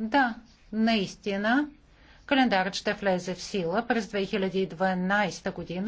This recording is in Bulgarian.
Да, наистина, календарът ще влезе в сила през 2012 година.